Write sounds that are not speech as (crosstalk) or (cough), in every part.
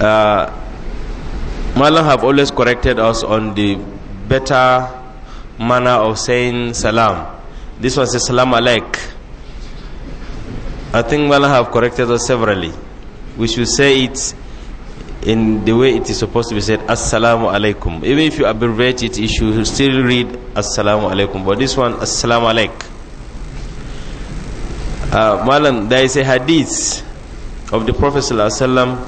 Uh, Malam have always corrected us on the better manner of saying salam. This one says salam alaik. I think Malam have corrected us severally. We should say it in the way it is supposed to be said, Assalamu alaikum. Even if you abbreviate it, you should still read Assalamu alaikum. But this one, Assalamu alaik. Uh, Malam, there is a hadith of the Prophet sallallahu alaihi wasallam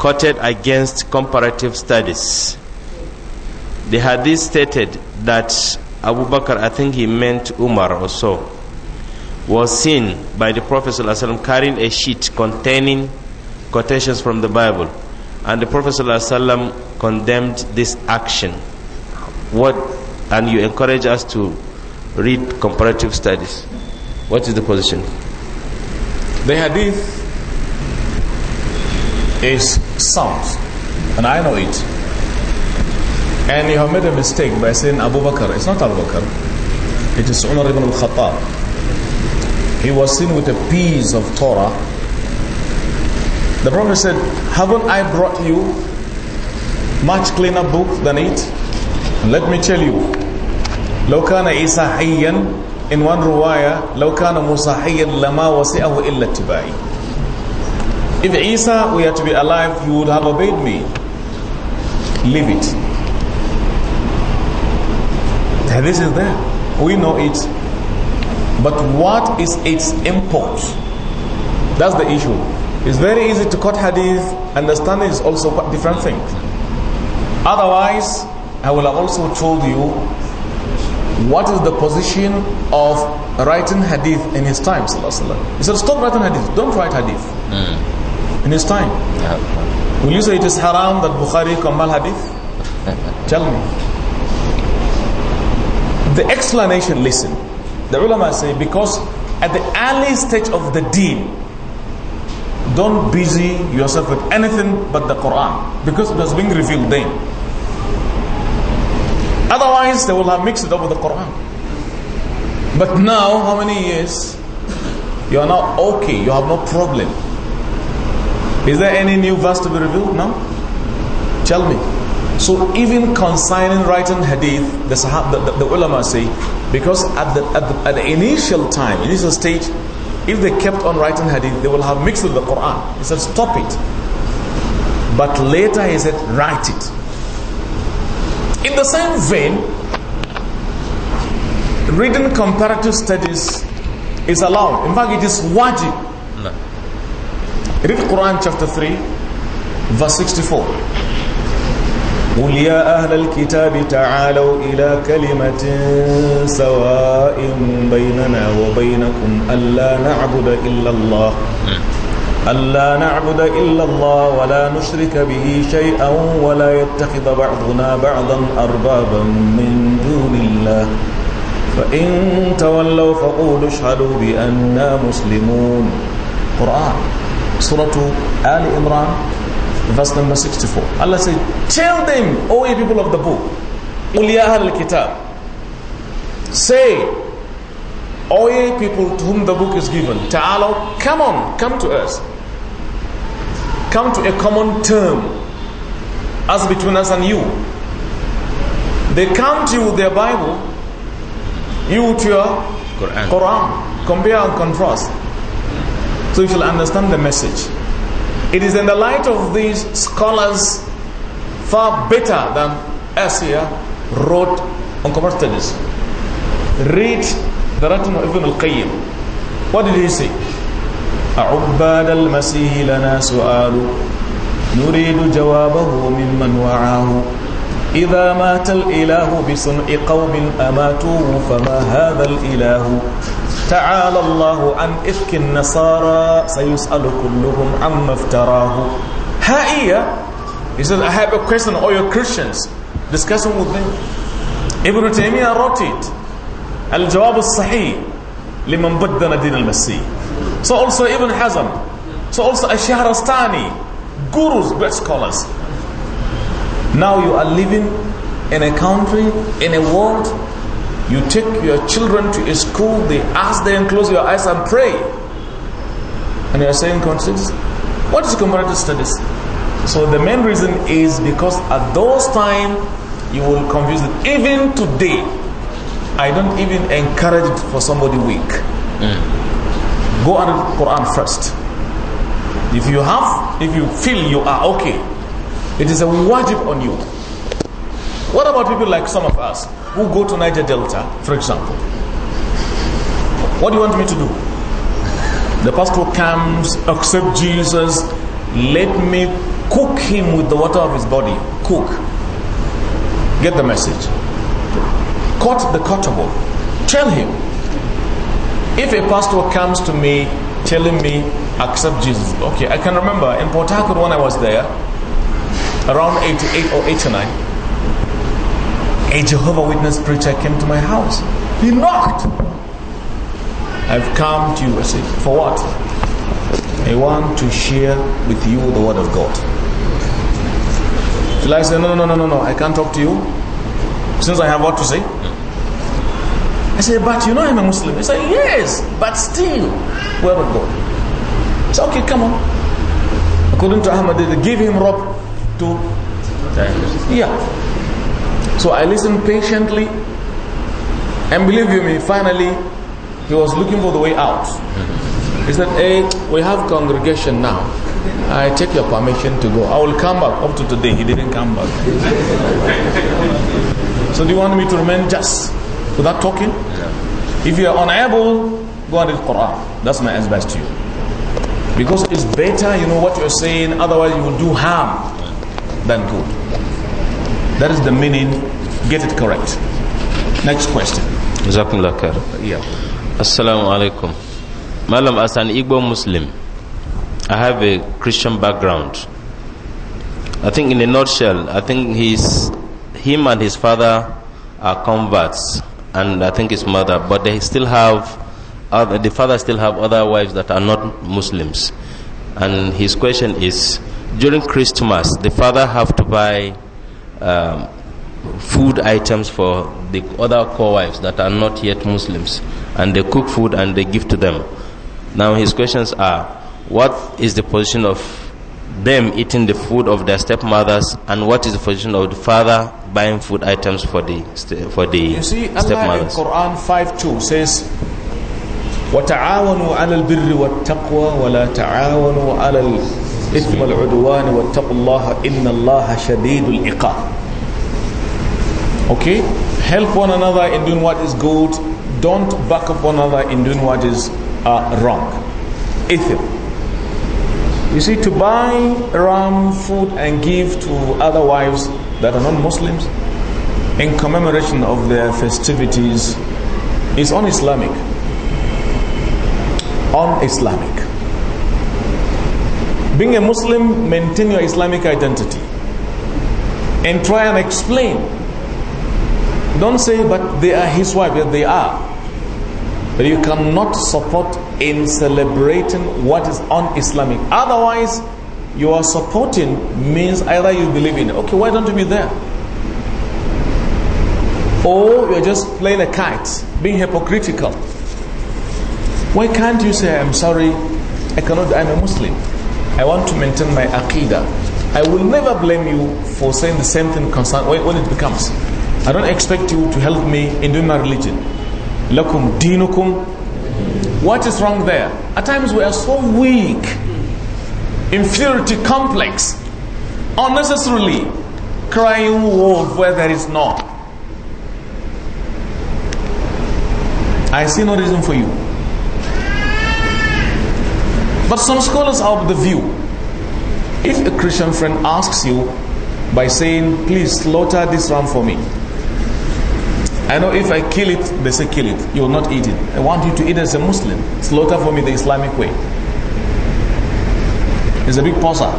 quoted against comparative studies. The hadith stated that Abu Bakr, I think he meant Umar or so, was seen by the Prophet ﷺ carrying a sheet containing quotations from the Bible. And the Prophet ﷺ condemned this action. What and you encourage us to read comparative studies. What is the position? The hadith is sounds. And I know it. And you have made a mistake by saying Abu Bakr. It's not Abu Bakr. It is Umar ibn al-Khattab. He was seen with a piece of Torah. The Prophet said, haven't I brought you much cleaner book than it? And let me tell you, Lokana كان عيسى in one ruwaya, Lokana كان موسى lama لما وسعه إلا if Isa were to be alive, he would have obeyed me. Leave it. This is there. We know it. But what is its import? That's the issue. It's very easy to cut hadith. Understanding is also quite different thing. Otherwise, I will have also told you what is the position of writing hadith in his time. He said, stop writing hadith. Don't write hadith. Mm in his time. Will you say it is haram that Bukhari Kamal Hadith? Tell me. The explanation, listen. The ulama say because at the early stage of the deen, don't busy yourself with anything but the Quran because it was being revealed then. Otherwise, they will have mixed it up with the Quran. But now, how many years? You are now okay. You have no problem. Is there any new verse to be revealed? No? Tell me. So even consigning writing hadith, the, sahab, the, the, the ulama say, because at the, at the, at the initial time, initial stage, if they kept on writing hadith, they will have mixed with the Quran. He said, stop it. But later he said, write it. In the same vein, reading comparative studies is allowed. In fact, it is wajib Read Quran chapter 3, verse 64. قل يا أهل الكتاب تعالوا إلى كلمة سواء بيننا وبينكم ألا نعبد إلا الله ألا نعبد إلا الله ولا نشرك به شيئا ولا يتخذ بعضنا بعضا أربابا من دون الله فإن تولوا فقولوا اشهدوا بأننا مسلمون قرآن Surah Al Imran, verse number 64. Allah said, Tell them, O ye people of the book, al Kitab, say, O ye people to whom the book is given, Ta'ala, come on, come to us. Come to a common term, as between us and you. They come to you with their Bible, you to your Quran. Quran. Compare and contrast. So you shall understand the message. It is in the light of these scholars far better than us wrote on commerce studies. Read the writing of Ibn al-Qayyim. What did he say? عباد المسيح لنا سؤال نريد جوابه ممن وعاه إذا مات الإله بصنع قوم أماتوه فما هذا الإله تعالى الله عن إفك النصارى سيسأل كلهم عما افتراه ها إيا He says, I have a question, all your Christians, Discuss them with them. Ibn Taymiyyah wrote it. Al-Jawab al-Sahih, liman baddana din al-Masih. So also Ibn Hazm, so also Ash-Shahrastani, gurus, great scholars. Now you are living in a country, in a world, You take your children to a school, they ask them, close your eyes and pray. And you are saying conscious? What is comparative studies? So the main reason is because at those time you will confuse it. Even today, I don't even encourage it for somebody weak. Mm. Go and read Quran first. If you have, if you feel you are okay, it is a wajib on you. What about people like some of us who go to Niger Delta, for example? What do you want me to do? The pastor comes, accept Jesus, let me cook him with the water of his body. Cook. Get the message. Cut the cuttable. Tell him. If a pastor comes to me telling me, accept Jesus. Okay, I can remember in Port Harcourt when I was there, around 88 or 89, a Jehovah Witness preacher came to my house. He knocked. I've come to you. I said, for what? I want to share with you the word of God. I said, no, no, no, no, no, I can't talk to you since I have what to say. I said, but you know I'm a Muslim. He said, yes, but still, word of God. said, okay, come on. According to Ahmad, they gave him rope to... Yeah. So I listened patiently. And believe you me, finally, he was looking for the way out. He said, hey, we have congregation now. I take your permission to go. I will come back. Up to today, he didn't come back. so do you want me to remain just without talking? Yeah. If you are unable, go and read Quran. That's my advice to you. Because it's better you know what you're saying. Otherwise, you will do harm than good. That is the meaning. Get it correct. Next question. Jazakumullah Yeah. Assalamu alaikum. as an Igbo Muslim, I have a Christian background. I think, in a nutshell, I think he's, him and his father are converts, and I think his mother, but they still have, other, the father still have other wives that are not Muslims. And his question is, during Christmas, the father have to buy um, food items for the other co wives that are not yet Muslims, and they cook food and they give to them. Now, his questions are what is the position of them eating the food of their stepmothers, and what is the position of the father buying food items for the for the you see, stepmothers? Allah in Quran 5:2 says, "وَتَعَاوَنُوا عَلَى الْبِرِّ وَالتَّقْوَى وَلَا تَعَاوَنُوا عَلَى اسم العدوان واتقوا الله إن الله شديد العقاب Okay? Help one another in doing what is good. Don't back up one another in doing what is uh, wrong. Ithm. You see, to buy ram food and give to other wives that are non-Muslims in commemoration of their festivities is un-Islamic. Un-Islamic. Being a Muslim, maintain your Islamic identity. And try and explain. Don't say, but they are his wife. Yes, they are. But you cannot support in celebrating what is un-Islamic. Otherwise, you are supporting means either you believe in it. Okay, why don't you be there? Or you're just playing a kite, being hypocritical. Why can't you say, I'm sorry, I cannot, I'm a Muslim. I want to maintain my aqidah. I will never blame you for saying the same thing when it becomes. I don't expect you to help me in doing my religion. Lakum dinukum. What is wrong there? At times we are so weak, inferiority complex, unnecessarily crying wolf where there is none. I see no reason for you but some scholars have the view, if a Christian friend asks you by saying, please slaughter this ram for me. I know if I kill it, they say kill it. You will not eat it. I want you to eat as a Muslim. Slaughter for me the Islamic way. It's a big posa.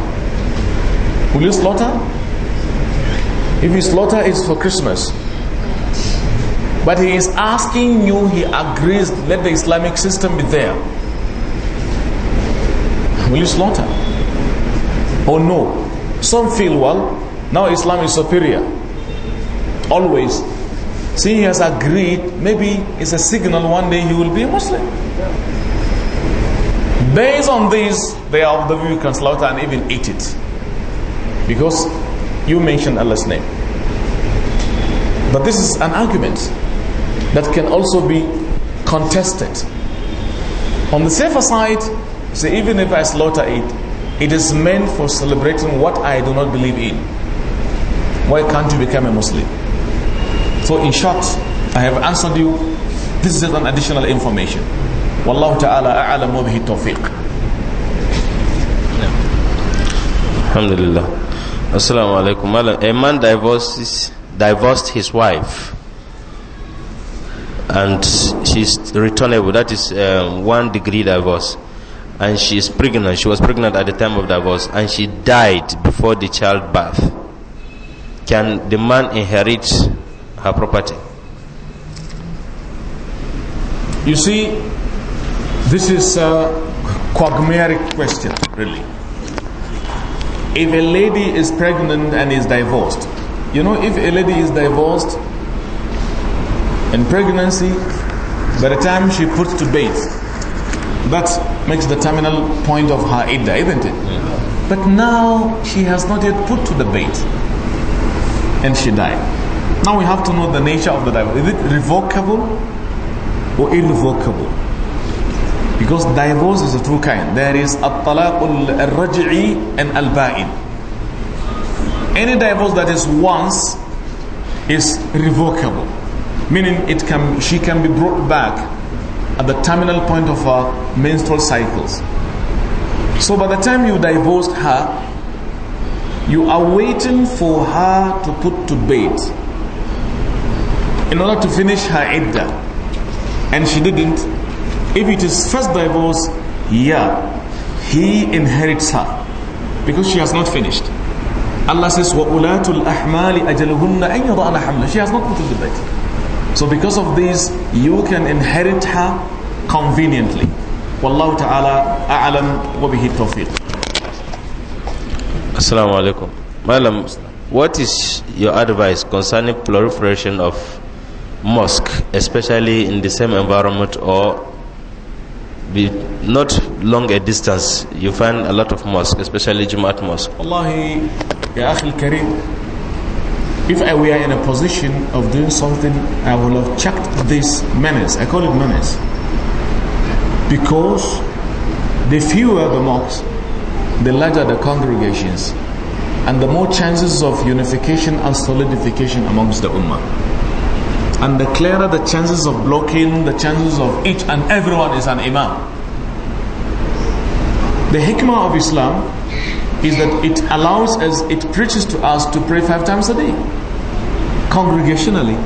Will you slaughter? If you slaughter, it's for Christmas. But he is asking you, he agrees, let the Islamic system be there. Will you slaughter? Oh no. Some feel, well, now Islam is superior. Always. See, he has agreed. Maybe it's a signal one day he will be a Muslim. Based on this, they are of the view you can slaughter and even eat it. Because you mentioned Allah's name. But this is an argument that can also be contested. On the safer side, so even if I slaughter it, it is meant for celebrating what I do not believe in. Why can't you become a Muslim? So in short, I have answered you. This is an additional information. Wallahu ta'ala a'alamu bihi tawfiq. Alhamdulillah. Assalamu alaikum. A man divorces, divorced his wife and she's returnable. That is um, one degree divorce and she is pregnant. She was pregnant at the time of divorce and she died before the childbirth. Can the man inherit her property? You see, this is a quagmire question, really. If a lady is pregnant and is divorced, you know, if a lady is divorced in pregnancy, by the time she puts to bed, that makes the terminal point of her ida, isn't it? But now she has not yet put to the bait. And she died. Now we have to know the nature of the divorce. Is it revocable or irrevocable? Because divorce is a true kind. There is al-talaqul al-raj'i and al-ba'in. Any divorce that is once is revocable. Meaning it can, she can be brought back at the terminal point of her menstrual cycles. So by the time you divorced her, you are waiting for her to put to bed in order to finish her idda, And she didn't. If it is first divorce, yeah, he inherits her because she has not finished. Allah says, وَأُولَاتُ الْأَحْمَالِ أَجَلُهُنَّ أَنْ يَضَعْنَ حَمْلًا She has not put to bed. So because of this, you can inherit her conveniently. Wallahu ta'ala a'lam wa bihi tawfiq. Assalamu alaikum. Madam, what is your advice concerning proliferation of mosque, especially in the same environment or be not long a distance? You find a lot of mosque, especially Jumat mosque. Wallahi, ya akhi karim if I were in a position of doing something, I would have checked this menace. I call it menace Because the fewer the mosques, the larger the congregations, and the more chances of unification and solidification amongst the ummah. And the clearer the chances of blocking, the chances of each and everyone is an imam. The hikmah of Islam is that it allows us, it preaches to us to pray five times a day. Congregationally.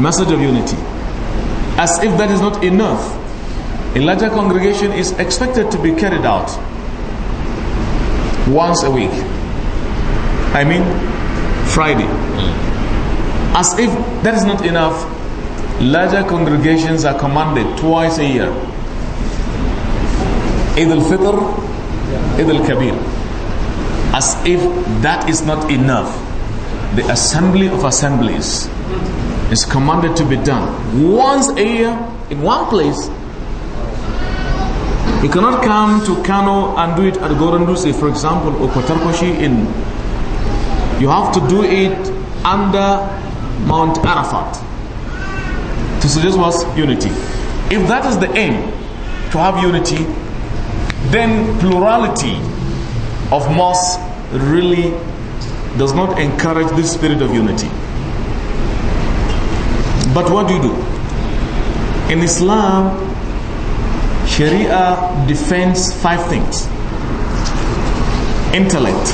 Message of unity. As if that is not enough, a larger congregation is expected to be carried out once a week. I mean, Friday. As if that is not enough, larger congregations are commanded twice a year. Eid al-Fitr, Eid al-Kabir. As if that is not enough, the assembly of assemblies is commanded to be done once a year in one place. You cannot come to Kano and do it at Goranduse, for example, or Kotarkoshi in. You have to do it under Mount Arafat to suggest was unity. If that is the aim, to have unity, then plurality of mosque really does not encourage this spirit of unity. But what do you do? In Islam, Sharia defends five things. Intellect.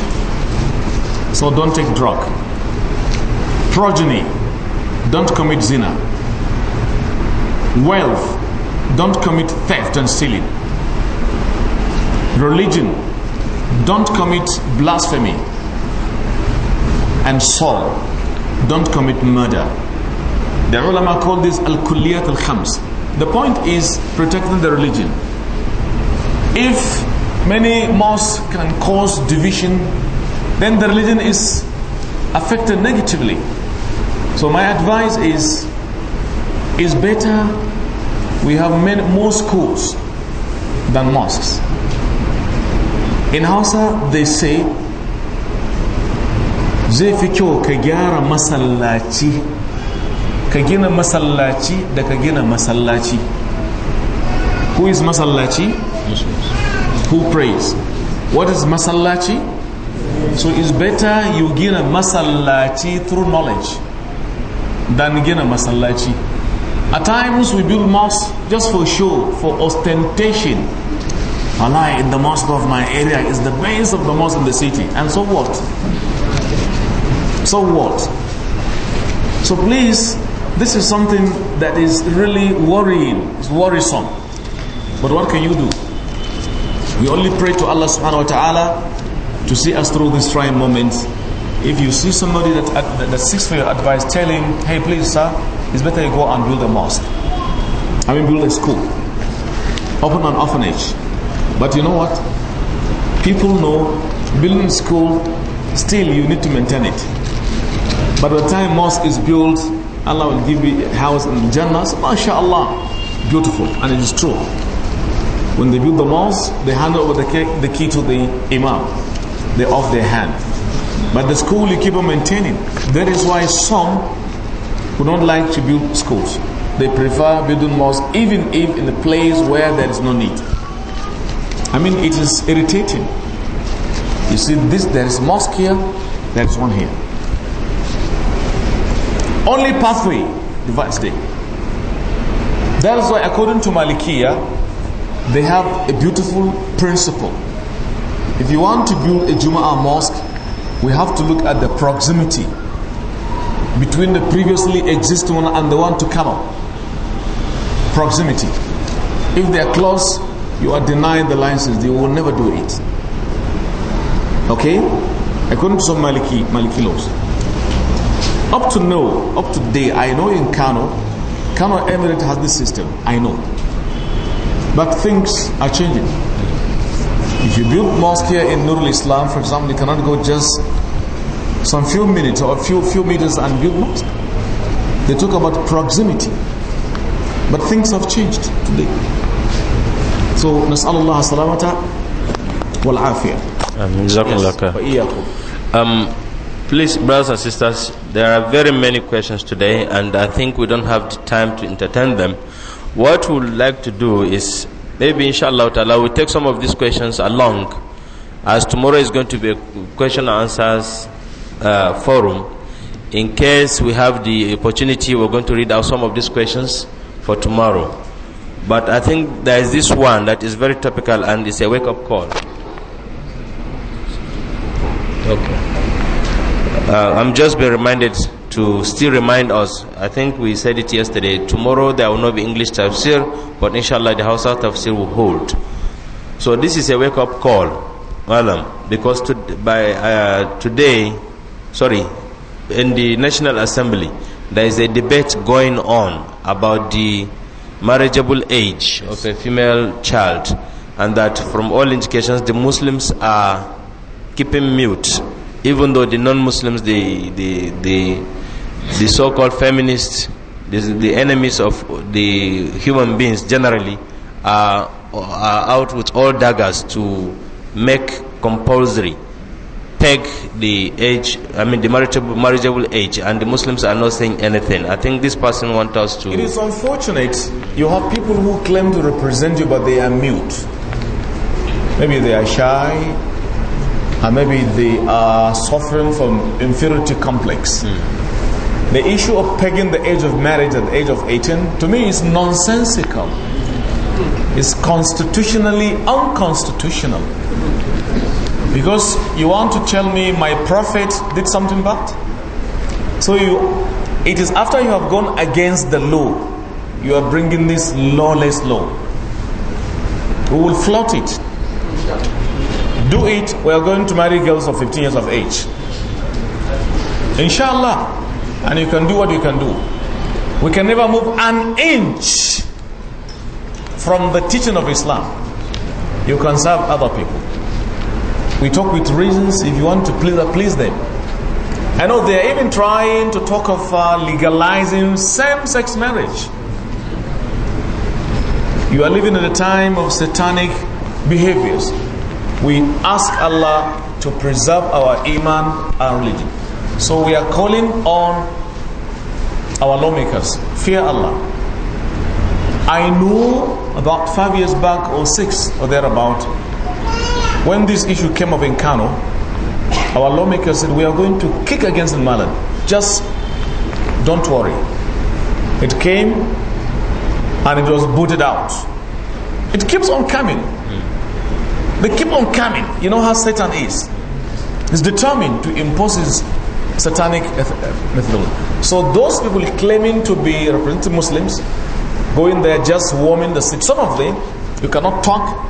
So don't take drug. Progeny. Don't commit zina. Wealth. Don't commit theft and stealing. Religion don't commit blasphemy. And Saul, don't commit murder. The ulama call this al-kulliyat al-khams. The point is protecting the religion. If many mosques can cause division, then the religion is affected negatively. So my advice is, is better we have many, more schools than mosques. in hausa they say zai fi kyau ka gyara masallaci ka gina masallaci da ka gina masallaci who is masallaci who prays what is masallaci so it's better you gina masallaci through knowledge than gina masallaci at times we build mosques just for show for ostentation Malai in the mosque of my area is the base of the mosque in the city. And so what? So what? So please, this is something that is really worrying. It's worrisome. But what can you do? We only pray to Allah subhanahu wa ta'ala to see us through these trying moments. If you see somebody that, uh, that, that seeks for your advice, tell him, hey, please, sir, it's better you go and build a mosque. I mean, build a school. Open an orphanage. But you know what? People know building school, still you need to maintain it. But by the time mosque is built, Allah will give you a house in Jannah. So, MashaAllah. Beautiful. And it is true. When they build the mosque, they hand over the key, the key to the imam. They off their hand. But the school you keep on maintaining. That is why some who don't like to build schools, they prefer building mosques even if in a place where there is no need. I mean, it is irritating. You see, this there is mosque here, there is one here. Only pathway divides them. That is why, according to Malikiya, they have a beautiful principle. If you want to build a Jumu'ah mosque, we have to look at the proximity between the previously existing one and the one to come up. Proximity. If they are close, you are denied the license, they will never do it. Okay? According to some Maliki, Maliki laws. Up to now, up to today, I know in Kano, Kano Emirate has this system. I know. But things are changing. If you build mosque here in Nurul Islam, for example, you cannot go just some few minutes or few few meters and build mosque. They talk about proximity. But things have changed today. So نسأل الله Um, please, brothers and sisters, there are very many questions today, and I think we don't have the time to entertain them. What we'd like to do is maybe, inshallah, ta'ala, we take some of these questions along, as tomorrow is going to be a question and answers uh, forum. In case we have the opportunity, we're going to read out some of these questions for tomorrow. But I think there is this one that is very topical and it's a wake up call. Okay. Uh, I'm just being reminded to still remind us. I think we said it yesterday. Tomorrow there will not be English tafsir, but inshallah the of tafsir will hold. So this is a wake up call, Malam, because to, by uh, today, sorry, in the National Assembly, there is a debate going on about the marriageable age of a female child and that from all indications the Muslims are keeping mute even though the non-Muslims the the the, the so-called feminists the, the, enemies of the human beings generally are, are out with all daggers to make compulsory peg the age, I mean the marriageable, marriageable age, and the Muslims are not saying anything. I think this person wants us to. It is unfortunate you have people who claim to represent you, but they are mute. Maybe they are shy, and maybe they are suffering from inferiority complex. Mm. The issue of pegging the age of marriage at the age of 18, to me, is nonsensical. It's constitutionally unconstitutional. Because you want to tell me my prophet did something bad? So you, it is after you have gone against the law, you are bringing this lawless law. We will flout it. Do it, we are going to marry girls of 15 years of age. Inshallah. And you can do what you can do. We can never move an inch from the teaching of Islam. You can serve other people. We talk with reasons if you want to please, uh, please them. I know they are even trying to talk of uh, legalizing same-sex marriage. You are living in a time of satanic behaviors. We ask Allah to preserve our iman and religion. So we are calling on our lawmakers. Fear Allah. I know about five years back or six or thereabout, when this issue came up in Kano, our lawmakers said, we are going to kick against Malan. Just don't worry. It came and it was booted out. It keeps on coming. They keep on coming. You know how Satan is. He's determined to impose his satanic methodology. So those people claiming to be representing Muslims, going there just warming the seat. Some of them, you cannot talk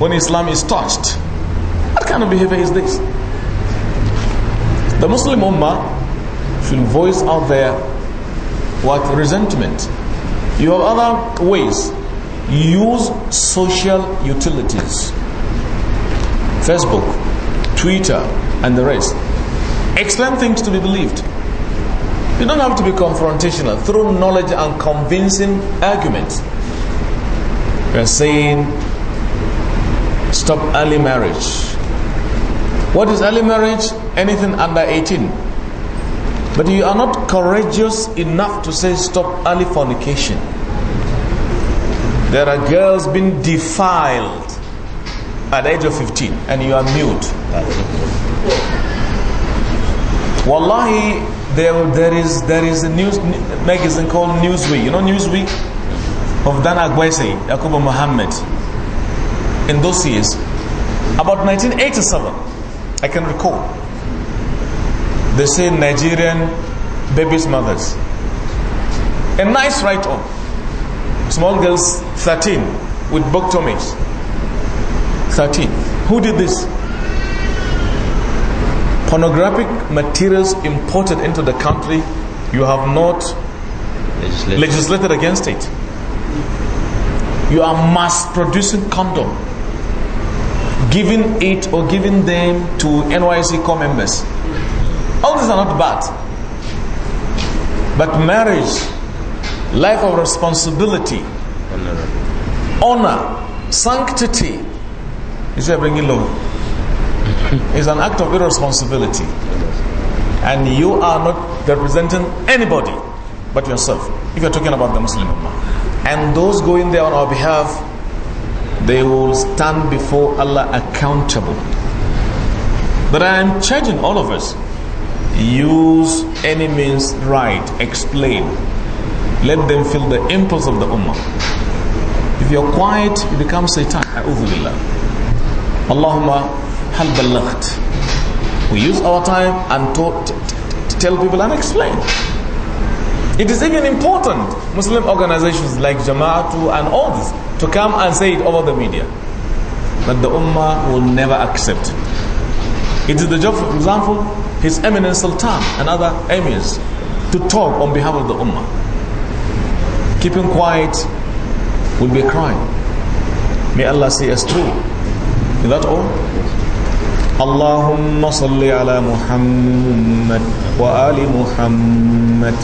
when Islam is touched. What kind of behavior is this? The Muslim Ummah should voice out their what resentment. You have other ways. Use social utilities. Facebook, Twitter, and the rest. Explain things to be believed. You don't have to be confrontational through knowledge and convincing arguments. We are saying stop early marriage. What is early marriage? Anything under 18. But you are not courageous enough to say stop early fornication. There are girls being defiled at the age of 15 and you are mute. Wallahi, there, there, is, there is a news magazine called Newsweek. You know Newsweek? Of Dan Agwese, Yakuba Muhammad. In those years. About 1987 I can recall. They say Nigerian babies' mothers. A nice write off Small girls, 13, with boctomies. 13. Who did this? Pornographic materials imported into the country, you have not legislated, legislated against it. You are mass producing condom giving it or giving them to NYC core members. All these are not bad. But marriage, life of responsibility, honor, sanctity, is a bringing low. (laughs) Is an act of irresponsibility. And you are not representing anybody but yourself. If you're talking about the Muslim Ummah. And those going there on our behalf they will stand before Allah accountable. But I am charging all of us. Use any means right. Explain. Let them feel the impulse of the ummah. If you're quiet, you become Satan. Allahumma hal balaght. We use our time and talk, tell people and explain. It is even important. Muslim organizations like Jama'atu and all this to come and say it over the media. But the Ummah will never accept it. It is the job, for example, His Eminence Sultan and other emirs to talk on behalf of the Ummah. Keeping quiet will be a crime. May Allah see us true. Is that all? اللهم صل Muhammad, wa Ali Muhammad.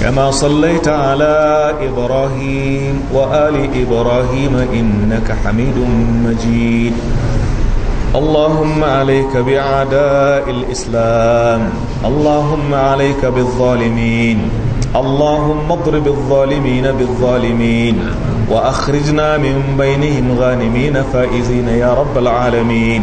كما صليت على إبراهيم وآل إبراهيم إنك حميد مجيد اللهم عليك بأعداء الإسلام اللهم عليك بالظالمين اللهم اضرب الظالمين بالظالمين وأخرجنا من بينهم غانمين فائزين يا رب العالمين